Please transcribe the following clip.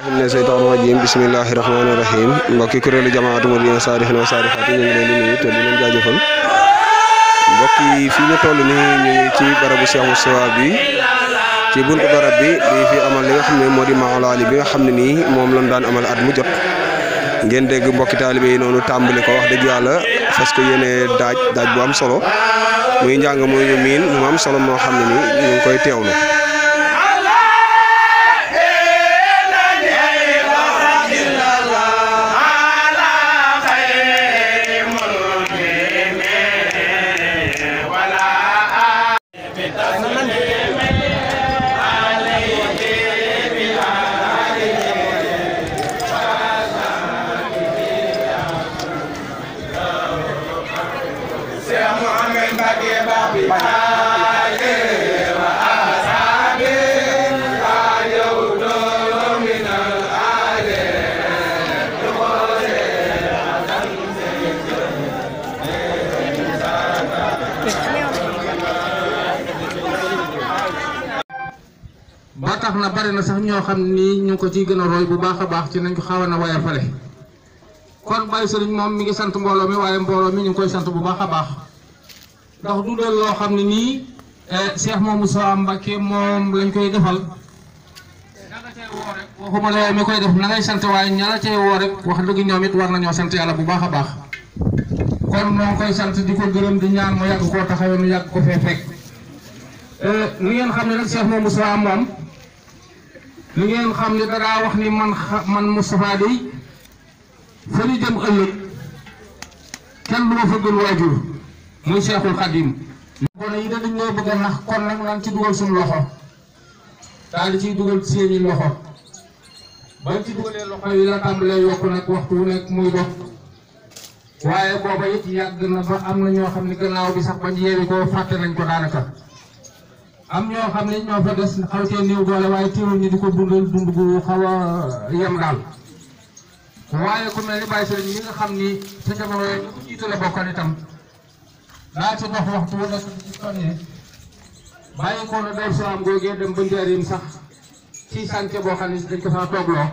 am ne seytaan rajim bisimilahi rahmaani rahim mbokki kuréelu jamaatu muridina saadixina wa mbokk yi fii ñu toll nii ñu ngi ci barabu Cheikh Moustapha bi ci buntu barab bi di fi amal li nga xam ne moo di maolaali bi nga xam ne nii moom lañ daan amal at mu jot ngeen dégg mbokki taalibe yi noonu tàmbali ko wax dëgg yàlla fas ko yéene daaj daaj bu am solo muy njàng muy miin mu am solo moo xam ne nii ñu ngi koy teewlu ba tax na bari na sax ñoo xam ni ñu ko ciy gën a roy bu baax a baax ci nañ ko xaw na waya fale kon Baye Serigne moom mi ngi sant mbooloo mi waaye mbooloo mi ñu koy sant bu baax a baax ndax du doon loo xam ne nii eh, Cheikh moom Moussa Mbacke moom lañ koy defal nanga cay woo rek waxuma la mi koy def na ngay sant waaye ña la woo rek wax dëgg ñoom it war nañoo sant yàlla bu baax a baax kon moo sant di ko di ñaan mu yàgg koo taxawee nu yàgg ko fee fekk eh, ngeen xam ne nag Cheikh moom Moussa moom li ngeen xam ne danaa wax ni man man Moustapha day fa ëllëg kenn du ma waajur muy Cheikhul Khadim. gone yi dañu ñoo bëgg a nax kon nag nañ ci dugal suñu loxo daal ciy dugal seeni loxo bañ ci dugalee loxo yi la tàmbalee nag waxtu wu nekk muy dox waaye booba it na ba am na ñoo xam ne gannaaw bi sax bañ ko fàtte nañ ko am ñoo xam ne ñoo fa des xaw cee néew ñi di ko dundal dund gu xaw a yem daal waaye ku mel ni Baye Serigne nga xam ni sa jamono yooyu ku jiite la bokkan itam naa ci dox waxtu wu nekk ci sonnee bàyyi ko na day salaam googee dem ba njëriñ sax ci sànce boo xam ne dañ ko faa toogloo